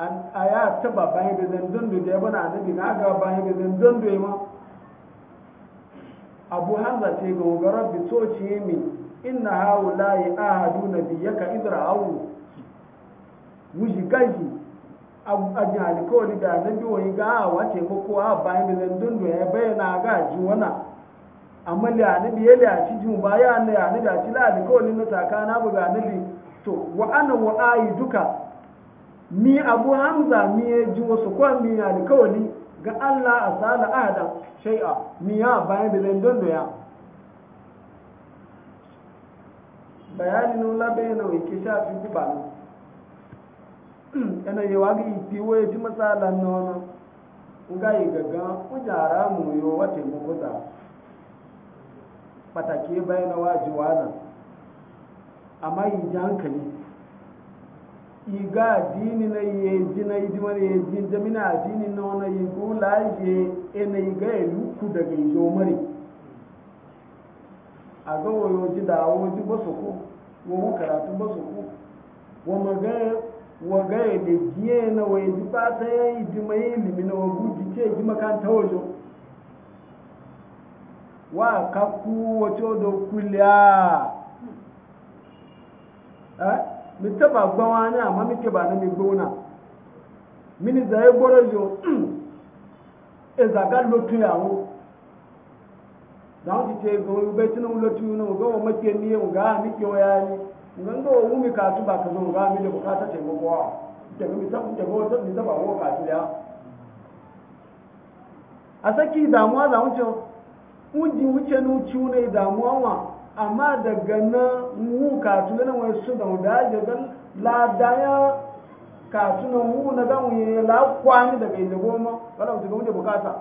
أن آيات تبا بايه بذن bayan da zandon da بايه بذن annabi na abu Hamza ce ga wugarar bitoci mi inna hawu layi hadu na izra izra'awu wujigaji a alikoli da na yi ga awa taimako a bayan da zandun ya bayyana ga ji wana amma liyanabi ya liyaci jin baya na da ci la alikoli na na bu ga nabi to wa'ana wa'ayi duka ni abu hamza ni ya ji wasu kwan ni alikoli ga Allah a sala adam shai'a niya bayan da zan dondo bayani bayani nun labe na sha fi guba ne yana yawa ga ifi waye ji matsala na wani nga yi gaga kujara mu yo wata mukuta pataki bayan wajiwa nan amma yi ji hankali iga addini na yeji na idima na yeji jamina addini na wani yiku laje ena iga eluku daga ijo mari a ga ji da waji ji su ku wawo karatu ba ku wa magana ga ya da giye na waye ji fata ya yi jima limi na wagu ji ce ji makanta wa kaku wato da kuliya eh mi ba gbawa ne amma mi ba na mi gbona mini zai gboro lotu ya da won ti tinu lotu na go ma ke ni ga mi ke ya ni ngan nga wu mi ka tu ba ka zo ga mi le ka ta ce da mi ba ka ya a saki damuwa da wuce uche na amma daga na mu katu na wani su da da ya gan ladaya katu na mu na gan wani la kwani daga inda goma wala mutu goma da bukata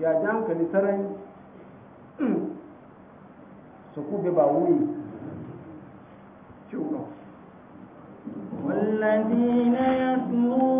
ya ji hankali tarai su ku kube ba wuyi kiwo والذين يسمون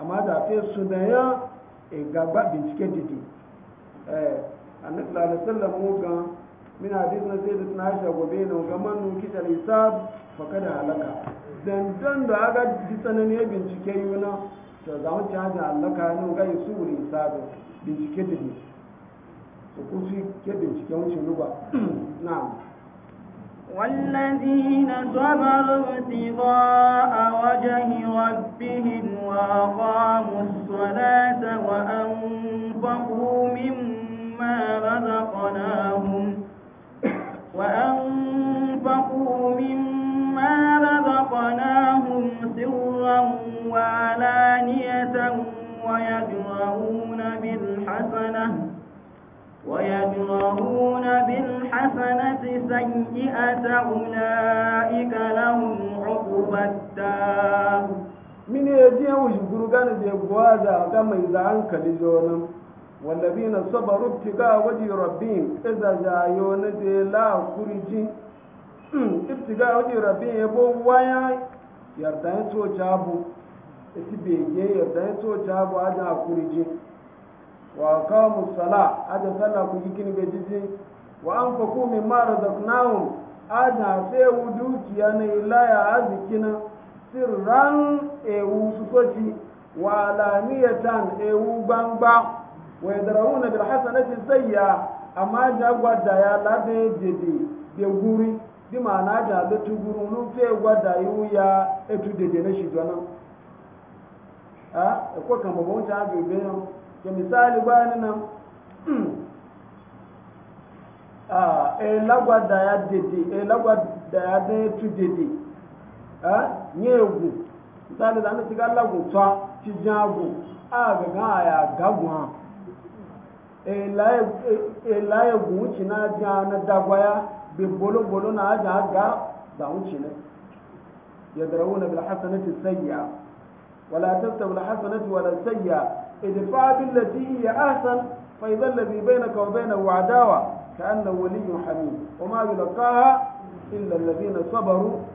amma da fi su da ya e gagba bincike didi eh annabi sallallahu alaihi wasallam mu min hadith na zai na aisha gobe na ga manu kita hisab fa kada halaka dan dan da aga ji tsanani bincike yuna to za mu caja halaka ne ga su hisab bincike didi su kusi ke bincike wuce ruba na'am والذين صبروا ابتغاء وجه ربهم وأقاموا الصلاة وأنفقوا مما رزقناهم وأنفقوا مما رزقناهم سرا وعلانية ويجرؤون بالحسنة ويجرؤون بالحسنة سيئة أولئك لهم عقبى الدار mini ya je wuce guru gane je guwa da ga mai za hankali jonan wallabi na saba rufi ga waje rabbin iza jayo na je la kuriji hmm, ibtiga waje rabbin ya bo waya yarda ya so cabu isi bege yarda ya so cabu a da kuriji wa kamu sala a da sala ku yi kini bejiji wa an faku min mara zaknahum a da sai wudukiya na ilaya a zikina sirran ewu susoci wa alaniyatan ewu gbangba wa na bil hasanati sayya amma jagwada ya labe dede de guri bi ma'ana ja tu tuguru nu fe gwada yu ya etu dede na shi dona a ko kan babon ta ga be nan ke misali bani nan a ah, e lagwada ya dede e lagwada ya de tu dede Eh? nye gu misali da ana ga lagun tsa ti jagun a ga ga ya gagwa e la ye gu wuce na ja na dagwaya bi bolo bolo na ja ga da wuce ne yadrawuna bil hasanati sayya wala tasta bil hasanati wala sayya idfa lati hiya ahsan fa idha alladhi bainaka wa bainahu adawa waliyyun hamid wa ma يلقاها illa alladhina sabaru.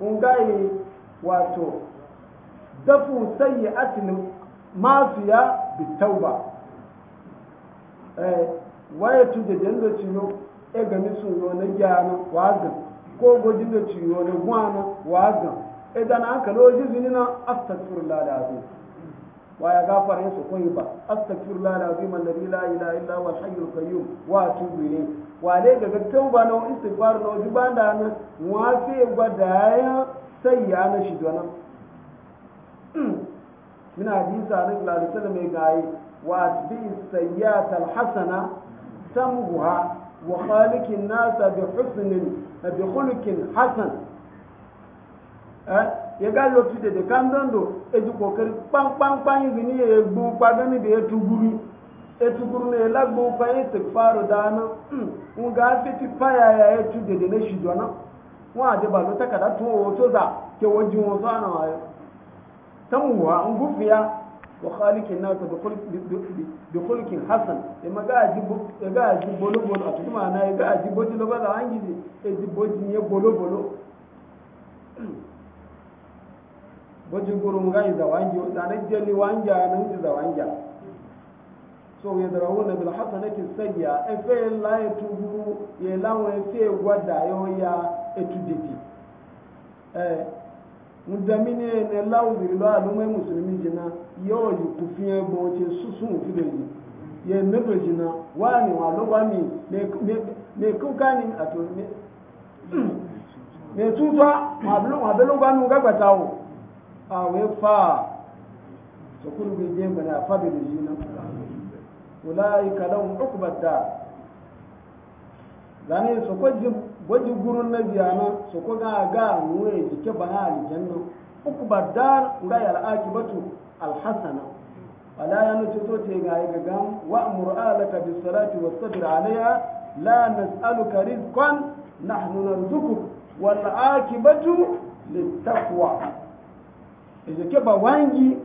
kun gaye wato dafu sayyi'atin mafiya bitauba eh waye tu da janda ciyo e ga mi sun na gyana wagan ko gojin da ciyo na gwana wagan idan e aka loji zinina astaghfirullah da azim ويا غفر يسكون يبا استغفر الله العظيم الذي لا اله الا هو الحي القيوم واتوب اليه wale daga tauba na istighfar na waje ba da na wafe gwada ya sayya na shi donan muna hadisa na lalisa da mai gaye wa bi sayyata alhasana tamuha wa khaliqin nasa bi husnin bi khuluqin hasan ya ga lotu da kan dondo eji kokari kpankpankpan yi ni ya gbu kwado da ya na ela kwanye tekfaru da daana, ga paya ya etu dede na shi wọn adịba lo takada tun owo to za wọn e ji wọn sọ ana wayo wa hasan wajen gurin gai da wangi tsanar jeli wangi na wuce da wangi so ya zarawo na bilhassa hasana ke sayya efe la e ya tuguru e ya lawan efe gwada yau ya etu dede eh mudamine ne lawan birilo alumai musulmi jina yau yi kufin ya bauce susun fi da yi ya nado jina wani wa lobami ne kukanin a to ne tuta ma beloganu gagbata wo awe fa su kun guje mana fadi da shi nan ulai kalan ukubar da zane su kwaji gwaji gurun na biyana su ko ga ga nure jike ba na aljanna ukubar da ga ya al'aqibatu alhasana wala ya nuce to ce ga ga gam wa mur'alaka bis salati wastabir alayha la nas'aluka rizqan nahnu narzuquk wal aqibatu للتقوى إذا كبا وانجي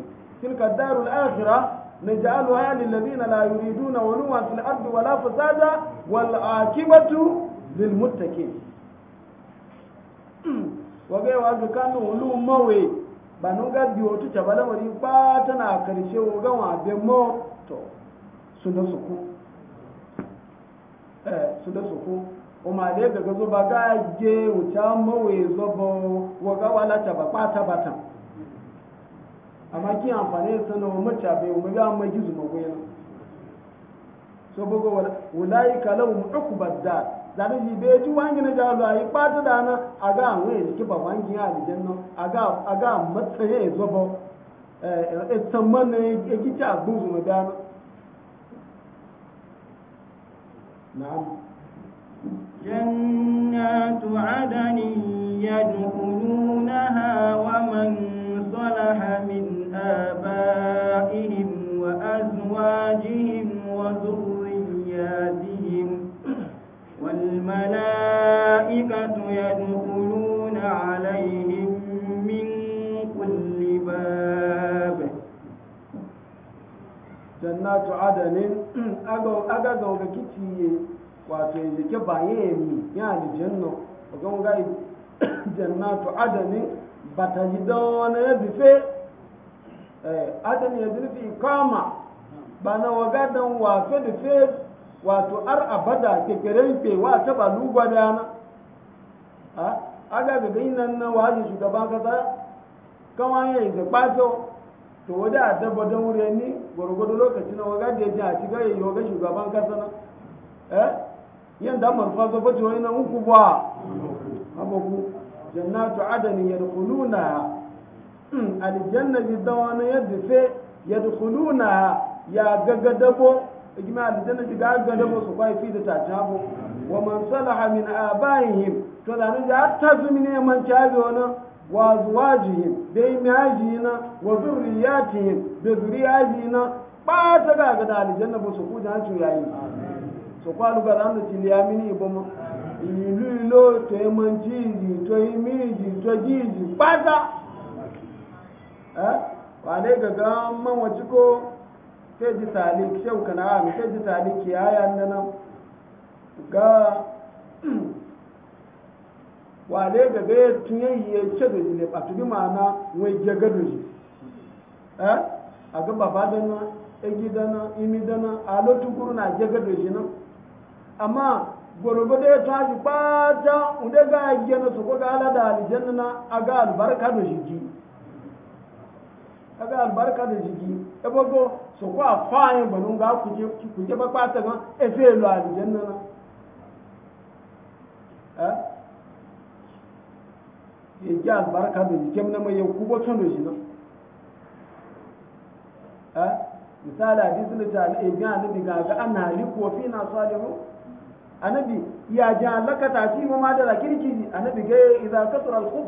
تلك الدار الآخرة نجعلها للذين لا يريدون ولوا في الأرض ولا فسادا والعاقبة للمتقين wage wa ga kanu ulu mawe ba nun ga wari ba tana karshe wo ga wa be mo to suku eh suna suku o ma zo ba ga je wuta mawe zo bo wo ga wala ta ba batan amma kin amfani da sanar mace bai mu ga amma gizo ma goyen so bugo wala ulai kalahum ukbad da zabi bi be ji wangi na jalo ayi pata dana aga anwe ni ki ba wangi ya aljanna aga aga matsaye zobo eh e tsamman ne e ki ta guzu ma dana na'am جنات عدن يدخلونها ومن صلح من wa hwa azụha hiwa ụyadịghị nwaa ietụ ya na na-eji ya ya ba yi uuaaịi miwụe aga kiye kwatechebae yalejen jeatuadai bataide Eh, adam ya zurfi kama ba na don wato da fe wato ar abada ke kiran ke wa ta ba lugwa da yana a ah, aga ga gainan na waje shugaban kasa kama ya yi zabato to wada a dabba don wuri ni gwargwado lokaci na da ya ji a shiga ya yi waga shugaban kasa na eh yanda marfa zo bace wani na uku ba abu jannatu adani yadkhuluna Hmm, aljanna bi dawana yadda fe yadkhuluna ya gagadabo ijma aljanna bi gagadabo su kai fi da tajabo wa man salaha min abaihim to da ne da tazmine man tabi wana wa zuwajihim dai miyajina wa zurriyatihim da zuriyajina ba ta ga ga da aljanna ba su ku da hancin yayi so kwalu ga ramu tiliyamini ibomo ilu ilo to emanji to imiji to jiji ta. Eh? wane gaga man waci ko feji talik shau kana ami feji talik ya aya nan ga wane gaga ya tunye yi ya ce da jile ba tuni ma'ana wai ya gado shi eh? a ga baba dana ya da na imi na a lotu guru na ya gado shi nan amma gwargwado ya tashi ba ta ga yi na su ko ga ala da Alijan na a ga albarka da shi kaga albarka da jiki e bogo so ko afaye banu ga ku je ku je ba kwata ga e fe lo aljanna na eh e ja albarka da jiki mun mai ku bo kan da shi na eh misali hadisi da ta e ga nabi ga ga ana liku wa fina salihu annabi ya ja lakata fi ma da kirki annabi ga idza kasra al-khuf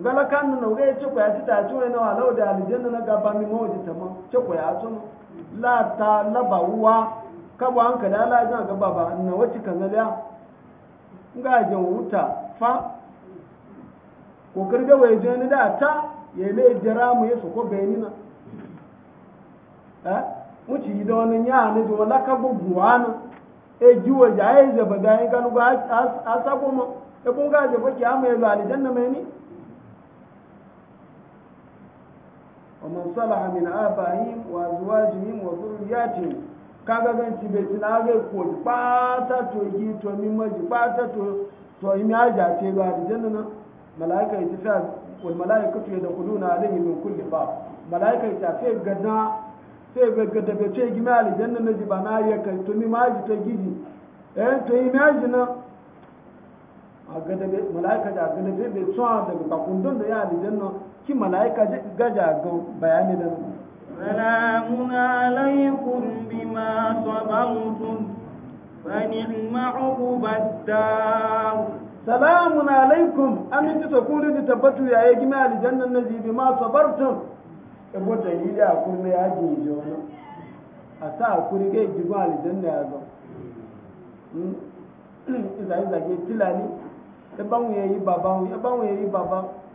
gala kanu na ga ce ko ya ta ce wani na walau da aljanna na gaba mi mawji ta ma ce ko ya tun la ta laba bawwa ka ba an kada la ga gaba na wace kan la ga jan wuta fa ko kirga wai je ni da ta ya le jira mu ya so ko bayani na eh wuci yi da wani ya ne da wala ka bubuwa na e waje e ya yi zaba ga yi galuga a sabo ma e kun ga zaba ki amma ya zo aljanna mai ni ومن صلح من آبائهم وأزواجهم وذرياتهم kaga gan ci be tina ga ko bata to yi to mi maji bata to to yi aja ce ga da na malaika yi ta wal malaika tu yadkhuluna alayhi min kulli bab malaika ta fe gada fe be gada be ce gi mali janna na ji ba na ya kai to mi maji to gidi eh to yi maji na a gada be malaika da gada tsawa daga kakundun da ya ki malaika gaja ga bayani da nan salamun bi bima sabartum fa ni'ma uqbatar salamun alaikum amin ta kuri da tabbatu yayi na aljannan naji bima sabartum e yi dalili a kullu ya ji jona a sa kuri ga ji Alijan na ya zo hmm? iza iza ke tilani ya banwe yi baba e ya yi baba e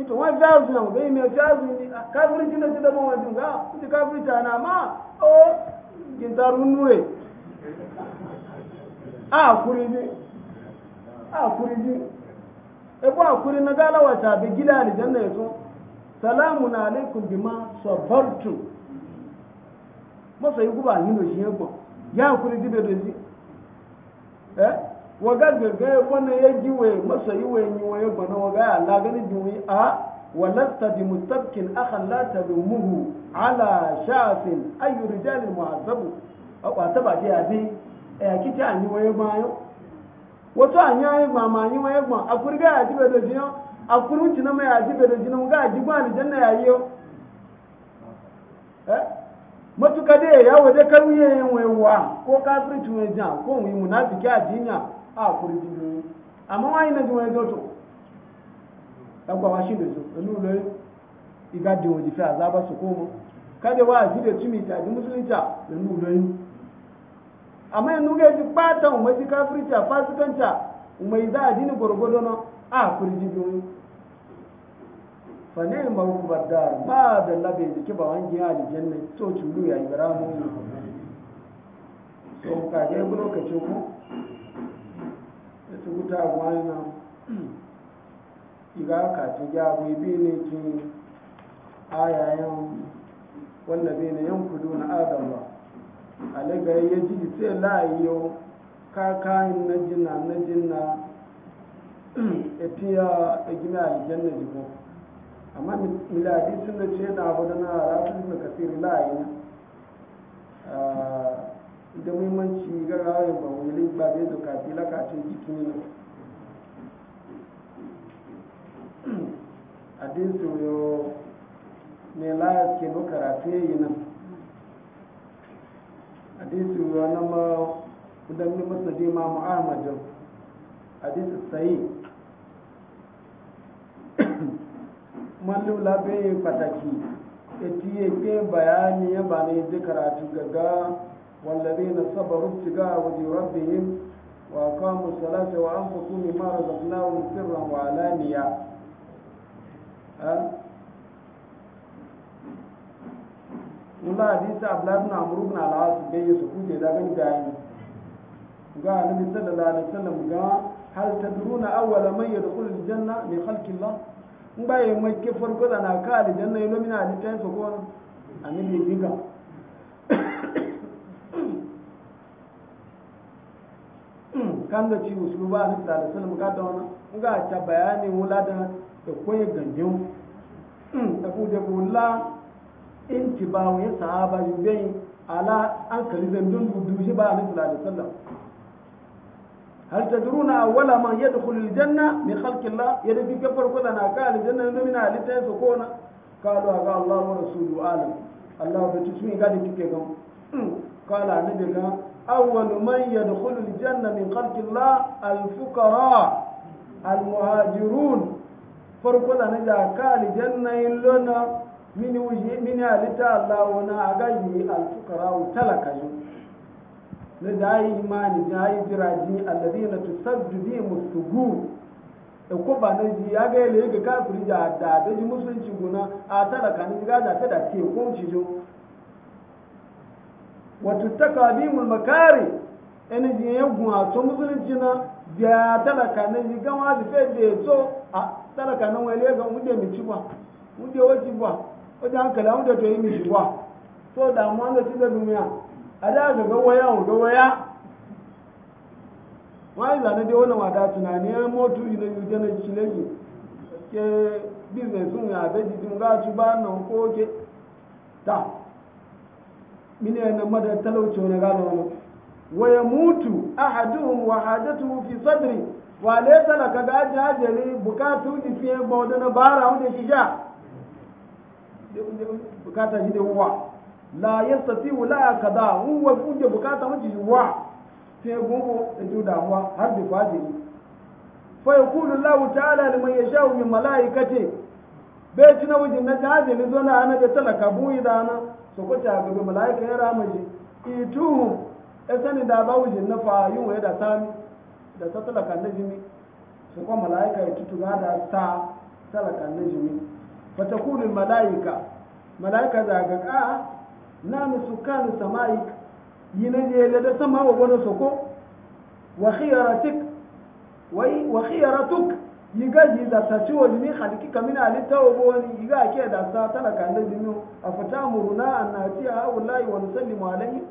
ita wani jazu na bai mai jazu ne a ah, ji na cida ban wajen ga ita kafirci na ma o oh, gintarun e eh. a ah, kuriji a ah, kuriji ebo a kuri na galawa ta bi gida janna yaso salamun alaikum bima sabartu masa yi guba hino shi ya kuri be do eh waga gaga bana ya ji wa masa yi wa yi wa bana waga ya Allah gani dumi a walasta bi mutabkin akhan la muhu ala shafin ayu rijalil mu'azzabu a kwata ba dai abi eh kiti an anyi wa ya ma yo wato anyi yi ma ma yi wa ya ma akuri ga ji be do jiyo akuri ti na ma ya ji be do jiyo ga ji ba ni janna ya yo eh matuka dai ya wa da karuye yin wa ko kafirci wa jan ko mu munafiki a jinya Ha kuri ne amma wani na jiwa zo to dagwa wa shi da zo le iga de oji fe azaba su kade wa ji timi ta di musulunci inu le amma inu ga ji pata umma ji kafirci fasikanta za a dini gurgudu na a kurji biyu ba da labe to ya ibrahimu so kaje ta wani iga ka ta gyabu bi ne a ayayen wanda bai na yan kudu na adam ba alaga ya ji sai layiyo kakayin na jina na jina etiya a gina na jibo amma miladi sun da ce na abu da na rasu da kasiri layi na ah, da muhimmanci ga rayu ba wani ba bai da kafi lakacin jikin ne abin soyo ne layar ke bukara fiye yi nan abin soyo na ma kudanni masu je ma mu'amadin abin sassayi mallula bai fataki ya e tiye ke bayani ya ba ne zikara gaga wallare na sabarun shiga a waje rabbihim wa kamun salata wa an fasu ne mara zafina wa sirran wa alaniya Eh? in ba abdullahi na amuru na al'asu bai yi su da gani ga sallallahu alaihi wasallam ga hal awwala man yadkhulu aljanna min in ba yi farko da na ka aljanna ko diga kan da ci alaihi wasallam da wannan ga ta bayani wula da ekwe ganjo akuje kula in ci ba wani sahaba yi bai ala an kali zan dun dushi ba ni sallallahu alaihi wasallam hal tadruna awwala man yadkhulu aljanna min khalqillah yada bi kafar ko na ka aljanna no mina alita so ko na qalu aga allah wa rasulu alam allah ba ci sun ga da kike ga qala hmm. nabi ga awwalu man yadkhulu aljanna min khalqillah alfuqara المهاجرون farko da na jaka janna yin lona mini wuji mini halitta Allah wani a gaji alfukara talaka yi na jayi imani jayi jiraji allazi na tusaddu bi musugu da e ko ba na ji ya ga yale ga kafiri da da da ji musulunci guna a talaka ni ga da ta da ke kun ci jo wato takabimul makari ene ji yan gun a to musulunci na biya talaka ni ga wa da fe be to a ah, talaka nan wani ga mu da mi ci ba mu da ci ba o da hankala da to yi mi ci ba so da mu an da ci da duniya a da ga ga waya ga waya wani zane dai wada tunani ya motu ina yi ta na ci lagi ke business sun ya da jikin ga ci ba nan ko ke ta mine na madar talauci wani gano wani waya mutu ahaduhum wahadatuhu fi sadri wale talaka da aji hajjari bukatu ni fiye ba na bara wanda shi ja bukata shi da wa la yastati la kada huwa kuje bukata wanda shi wa fiye gungu da ju damuwa har bi ne. fa ya yaqulu Allah ta'ala liman yasha'u min malaikati bai ci na wajin na hajjari zona ana da talaka buyi da ana so ko ta ga malaika ya ramaji ituhu esani da ba wajin na fa yin waya da sami da ta talaka na jimi su kuma mala'ika ya tutuga da ta talaka na jimi ta kulin mala'ika mala'ika zaga ka na nusu kanu sama'i yi na ne da sama wa wani soko wa khiyaratik wa khiyaratuk yi gaji da ta ci wa jimi halki kamina halitta wa wani yi ga ke da ta talaka na jimi a fita muruna an na ciya a wulayi wani sallimu alaihi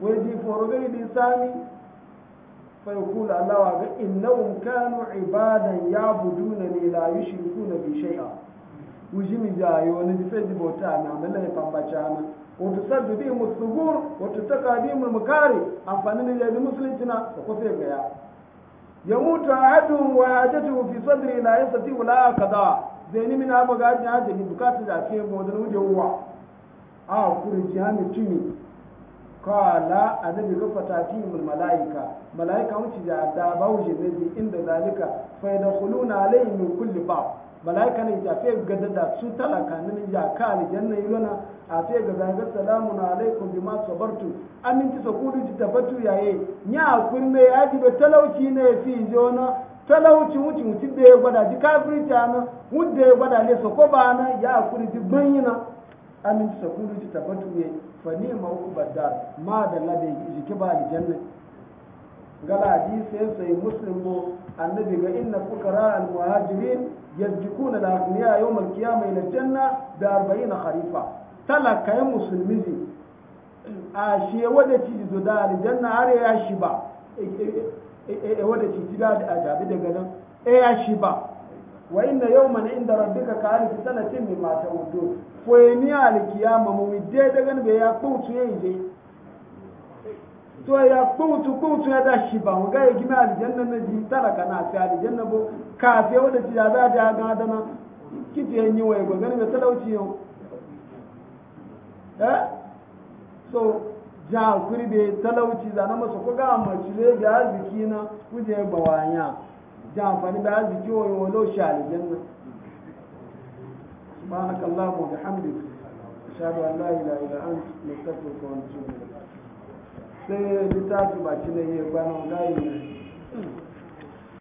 wai ji foro gani da sami فيقول الله إنهم كانوا عبادا يعبدونني لا يشركون بي شيئا وجمي جاي نجفز بوتانا من يفهم بشانا وتسد بهم الثقور وتتقى بهم المكاري أفنين لأن مسلمتنا وقفي قيا يموت أحدهم وحاجته في صدري لا يستطيع لا قضاء زيني من أبغى أجي أجي بكاتي أكيم ودنوجه هو آه كوري جهامي تيمي kala annabi ga fatati mul malaika malaika wuce da da ba wuce ne inda zalika fa yadkhuluna alayhi min kulli ba malaika ne ta fe ga da su talaka ne ya ka aljanna yulona a fe ga zanga salamu alaikum bima sabartu aminci sakulu ji tabatu yaye nya kurme ya ji ba talauci ne fi jona talauci wuce wuce da ya gwada ji ta na ana da ya gwada ne sako ba na ya kuri ji banyina aminci sakulu ji tabatu yaye fani ma ma bada ma da lade jiki ba aljanna gala hadisi sai muslim bo annabi ga inna fuqara al muhajirin yajikuna al aghniya yawm al qiyamah ila janna da 40 kharifa talaka ya musulmi a shi wanda ci zo da janna har ya shi ba e, e, e, wanda ci ci da a jabi daga nan e ya shi ba wa inna yawman inda rabbika ka alfi sanatin mimma ta'udun kweni alikiyama muwide dagan be ya kutu ije to ya kutu kutu ya dashi ba mu ga ya gima aljanna na ji taraka na ta aljanna bo ka fe wanda ji za ta ga dana kiti yin yiwa ga ganin da talauci yau eh so ja be talauci da na masa ko ga macile ga arziki na kuje bawanya ja amfani da arziki wa yau lo shi na. سبحانك اللهم وبحمدك أشهد أن لا إله إلا أنت نستغفرك ونتوب إليك sai littafi baki na yi gbanon gayi ne